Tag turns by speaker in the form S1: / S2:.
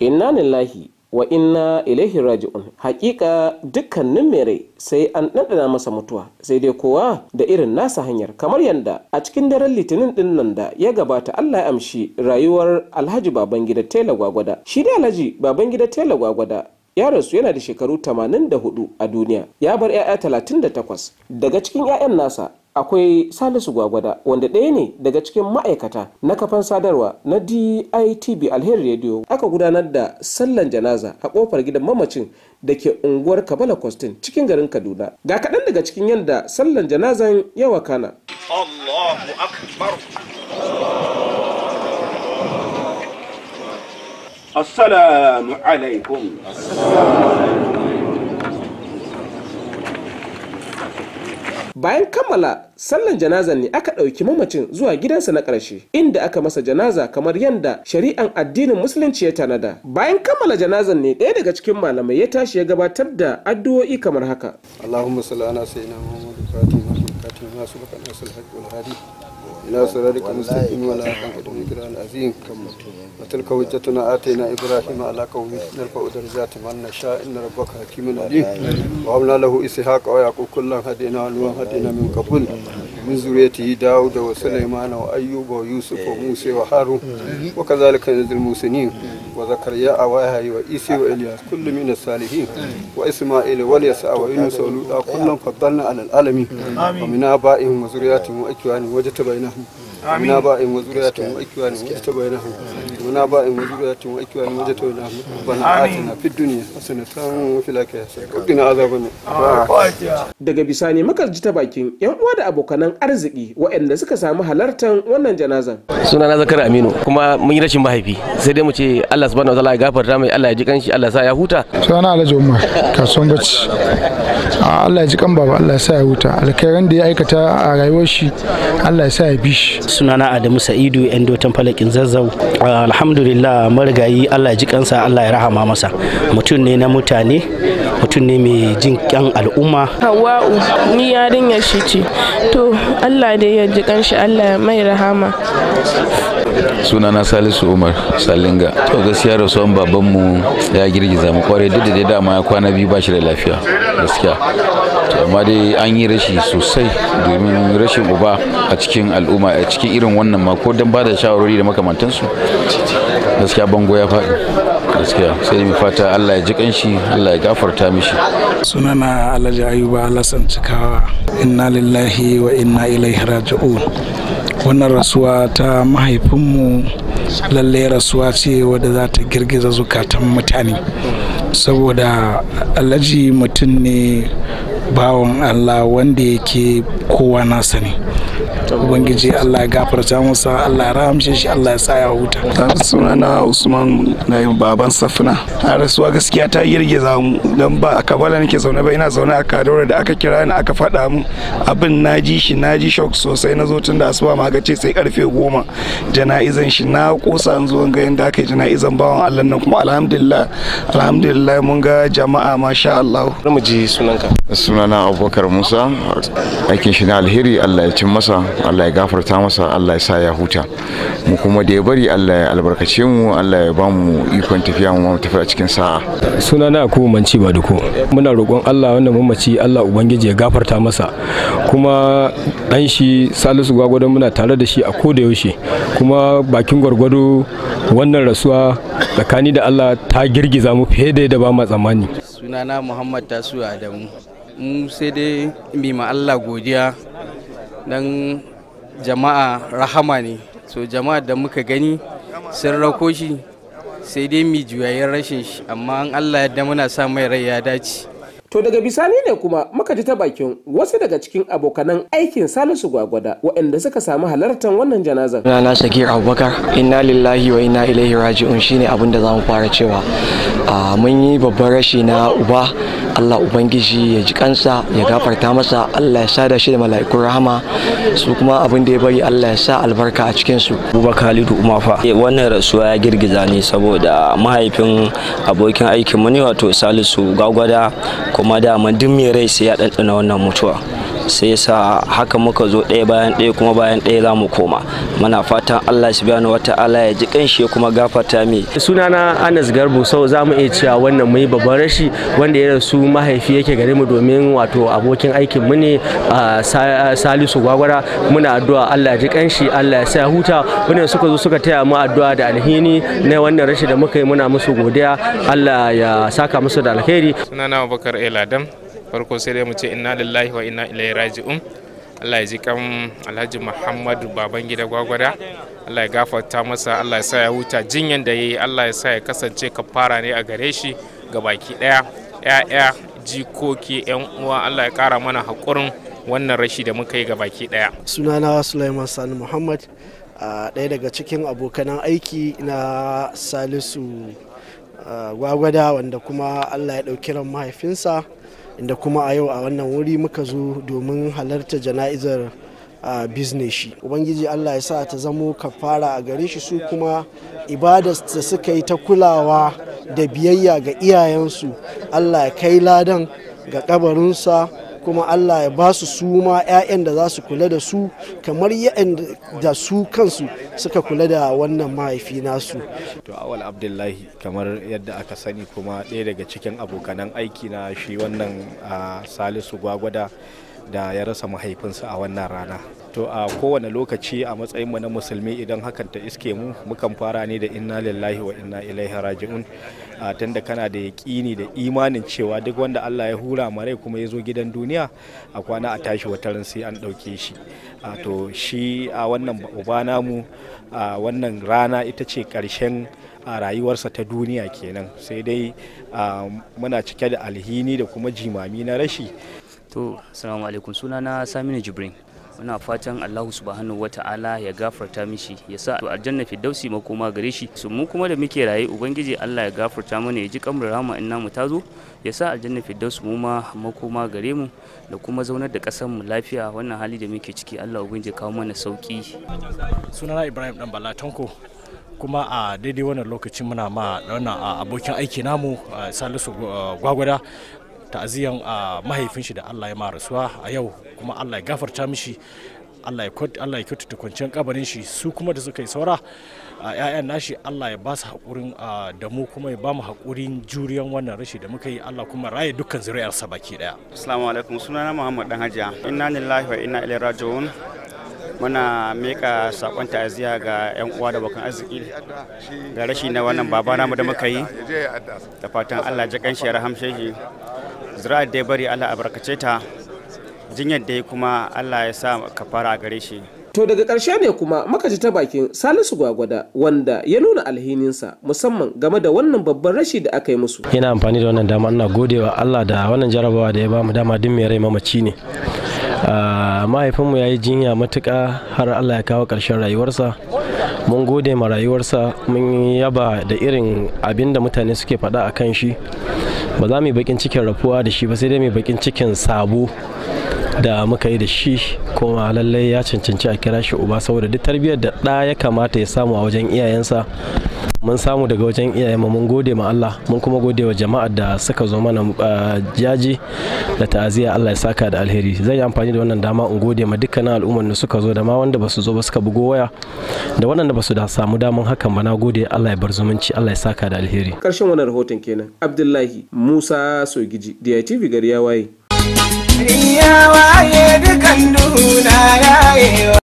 S1: inna lillahi wa inna ilaihi raji'un hakika dukkanin mere sai an ɗanɗana masa mutuwa sai dai kowa da irin nasa hanyar kamar yadda a cikin daren litinin din nan da ya gabata Allah ya amshi rayuwar Alhaji Babangida Tela Gwagwada shi dai Alhaji Babangida Tela Gwagwada ya rasu yana da shekaru 84 a duniya ya bar 'ya'ya 38 daga cikin 'ya'yan nasa akwai salisu gwagwada wanda ɗaya ne daga cikin ma'aikata na kafan sadarwa na ditb alheri radio aka gudanar da sallan janaza a kofar gidan mamacin da ke unguwar kabala kwastin cikin garin kaduna ga kaɗan daga cikin yadda sallan janazan ya kana assalamu alaikum bayan kammala sallan janazan ne aka ɗauki mamacin zuwa gidansa na ƙarshe inda aka masa janaza kamar yadda shari'an addinin musulunci ya tanada bayan kammala janazan ne ɗaya daga cikin malamai ya tashi ya gabatar da addu'o'i kamar haka
S2: Allahumma salli ala sayyidina Muhammad wa alihi wa sahbihi إلى صراطك المستقيم ولا حق ذكر العظيم وتلك حجتنا آتينا إبراهيم على قومه نرفع درجات من نشاء إن ربك حكيم عليم وهبنا له إسحاق ويعقوب كلا هدينا ونوح هدينا من قبل من ذريته داود وسليمان وأيوب ويوسف وموسى وهارون وكذلك نجزي المحسنين وزكريا ويحيى وعيسى وإلياس كل من الصالحين وإسماعيل واليسع ويونس ولوطا كلا فضلنا على العالمين ومن آبائهم وذرياتهم وإخوانهم وجتبيناهم amin na ba in wazu ta mu aikiwa ne ta bayanahu ba in ربنا بائن وجبات وإكوان bana a آتنا في الدنيا حسنة وفي الآخرة حسنة na azabu ne. Ah,
S1: daga bisani makalci ta bakin yan uwa da abokanan arziki waɗanda suka samu halartar wannan janazan suna na zakar aminu kuma mun yi rashin mahaifi sai dai mu ce Allah subhanahu wa ta'ala ya gafarta mai Allah ya ji kanshi Allah sa ya huta
S2: suna Alhaji Umar kasuwan gaci ah, Allah ya ji kan baba Allah ya sa ya huta alkairan da ya aikata a rayuwar shi Allah ya sa ya bi shi suna
S1: na Adamu Sa'idu yan dotan falakin zazzau ah, alhamdulillah marigayi Allah ya ji kansa Allah ya rahama masa mutum ne na mutane mutum ne mai jin kyan al'umma hawa'u ni yarinyar shi ce to Allah da ya ji kanshi Allah ya mai rahama
S2: sunana salisu umar salinga to gaskiya da rasuwan babanmu ya girgiza mu kware duk da dai dama ya kwana biyu ba shi da lafiya gaskiya amma dai an yi rashi sosai domin rashin uba a cikin al'umma a cikin irin wannan ma ko don ba da shawarwari da makamantansu gaskiya bango ya faɗi gaskiya sai mai fata allah ya ji kanshi allah ya gafarta mishi
S1: sunana alhaji ayuba alasan cikawa inna lillahi wa inna ilaihi raji'un wannan rasuwa ta mahaifinmu lalle rasuwa ce wadda za ta girgiza zukatan mutane saboda alhaji mutum ne bawan allah wanda yake kowa nasa ne ubangiji allah ya gafarta musa, allah ya rahamshe shi allah ya tsaya huta suna na usman na yin baban safina a rasuwa gaskiya ta za mu don ba a kabala nake zaune ba ina zaune a kadora da aka kira ni aka faɗa mu abin na ji shi na ji shock sosai na zo tun da asuba ma ga ce sai karfe goma jana'izan shi na kosa an zo ga yanda aka yi jana'izan bawan allah nan kuma alhamdulillah alhamdulillah mun ga jama'a masha allah mu ji sunanka sunana abubakar musa aikin shi na alheri allah ya cin masa allah ya gafarta masa allah ya sa ya huta mu kuma da ya bari allah ya albarkace mu allah ya bamu ikon tafiya mu mamu tafiya cikin sa'a sunana aku manci ba duko muna roƙon allah wannan mamaci allah ubangiji ya gafarta masa kuma dan shi salisu gwagwadon muna tare da shi a ko da yaushe kuma bakin gwargwado wannan rasuwa tsakani da allah ta girgiza mu fiye da yadda ba ma tsammani sunana muhammad tasu adamu mu sai dai mi ma Allah godiya don jama'a rahama ne so jama'a da muka gani sun rako shi sai dai mi juyayen rashin shi amma an Allah yadda muna sa mai rai ya dace To daga bisani ne kuma muka ji ta bakin wasu daga cikin abokanan aikin Salisu Gwagwada waɗanda suka samu halartar wannan janazar. na Shakir Abubakar, inna lillahi wa inna ilaihi raji'un shine abin da zamu fara cewa. mun yi babban rashi na uba Allah Ubangiji ya ji kansa ya gafarta masa Allah ya sada shi da mala'ikun rahama su kuma abin da ya bari Allah ya sa albarka a cikin su. Abubakar khalidu Umafa. Eh, wannan rasuwa ya girgiza ne saboda mahaifin abokin aikin mu ne wato Salisu Gwagwada kuma amma dama duk mai rai sai ya ɗanɗana wannan mutuwa sai sa haka muka zo ɗaya bayan ɗaya kuma bayan ɗaya za mu koma muna fatan allah wata ala ya ji kanshi ya kuma gafarta mi sunana anas garbu sau za mu iya cewa wannan mai babban rashi wanda ya rasu mahaifi yake gare mu domin wato abokin aikin mu ne salisu gwagwara muna addu'a allah ya ji kanshi allah ya sa huta wanda suka zo suka taya mu addu'a da alhini na wannan rashi da muka yi muna musu godiya allah ya saka musu da alheri sunana abubakar eladam farko sai dai mu ce inna lillahi wa inna ilaihi raji'un Allah ya ji kan Alhaji Muhammadu gida Gwagwada Allah ya gafarta masa Allah ya sa ya huta jinyan da yayi Allah ya sa ya kasance kafara ne a gare shi ga baki daya ya'ya jikoki yan uwa Allah ya kara mana hakurin wannan rashi da muka yi ga baki daya sunana Sulaiman Sani Muhammad ɗaya daga cikin abokanan aiki na Salisu gwagwada wanda kuma Allah ya ɗauki ran mahaifinsa inda kuma a yau a wannan wuri muka zo domin halarta jana'izar a shi ubangiji allah ya sa ta zamo ka fara a gare shi su kuma ibada da suka yi ta kulawa da biyayya ga iyayensu allah ya kai ladan ga kabarinsa kuma Allah ya ba su su ma 'ya'yan da za su kula da su kamar ya'yan da su kansu suka kula da wannan mahaifi nasu. To awal Abdullahi kamar yadda aka sani kuma ɗaya daga cikin abokanan aiki na shi wannan ah, Salisu Gwagwada da ya rasa mahaifinsa a wannan rana. to a kowane lokaci a matsayin mu na musulmi idan hakan ta iske mu mukan fara ne da inna lillahi wa inna ilaihi raji'un tunda kana da yaƙini da imanin cewa duk wanda Allah ya hura marai kuma ya zo gidan duniya a kwana a tashi ran sai an ɗauke shi to shi a wannan uba namu a wannan rana ita ce ƙarshen a rayuwarsa ta duniya kenan sai dai muna cike da alhini da kuma jimami na rashi to assalamu alaikum sunana saminu jibrin muna fatan Allahu subhanahu wata'ala ya gafarta mishi ya sa aljanna firdausi kuma gare shi su mu kuma da muke raye ubangiji Allah ya gafarta mana ya ji kamar rama in mu tazo ya sa aljanna firdausi mu ma makoma gare mu da kuma zaunar da kasan mu lafiya wannan hali da muke ciki Allah ubangiji kawo mana sauki sunana Ibrahim dan Bala Tanko kuma a daidai wannan lokacin muna ma wannan abokin aiki namu salisu gwagwada ta'aziyan a mahaifin shi da Allah ya ma rasuwa a yau kuma Allah ya gafarta mishi Allah ya kyautata kwanciyar kabarin shi su kuma da suka yi saura a ‘ya'yan nashi Allah ya ba su hakurin da mu kuma ya ba mu hakurin juriyan wannan rashi da muka yi Allah kuma raye dukkan sa baki daya
S2: Assalamu alaikum sunana Muhammad Dan Hajiya inna lillahi wa inna ilaihi raji'un muna mika sakon ta'aziyya ga 'yan uwa da bakan arziki ga rashi na wannan babana mu da muka yi da fatan Allah ji kanshi ya rahamshe shi zura'ar da ya bari Allah albarkace ta jinyar da ya kuma Allah ya sa kafara a gare shi
S1: To daga ƙarshe ne kuma maka ta bakin Salisu Gwagwada wanda ya nuna alhininsa musamman game da wannan babban rashi da aka yi musu. Ina amfani da wannan dama ina godewa Allah da wannan jarabawa da ya bamu dama duk mai rai mamaci ne. Ah, mahaifinmu ya yi jinya matuka har Allah ya kawo ƙarshen rayuwarsa mun gode ma rayuwarsa mun yaba da irin abin da mutane suke faɗa a kan shi ba za mu yi bakin cikin rafuwa da shi ba sai dai mai bakin cikin sabo da muka yi da shi kuma lallai ya cancanci a kira shi uba saboda duk tarbiyyar da ɗa ya kamata ya samu a wajen iyayensa mun samu daga wajen iyayenmu mun gode ma Allah mun kuma gode wa jama'a da suka zo mana jaji da ta'aziyya Allah ya saka da alheri zai yi amfani da wannan dama in gode ma dukkanin al'ummar da suka zo da ma wanda basu zo ba suka bugo waya da wannan ba basu da samu damar hakan ba na gode Allah ya bar zumunci Allah ya saka da alheri karshen wannan rahoton kenan Abdullahi Musa Sogiji DITV gari ya waye ya dukan duna ya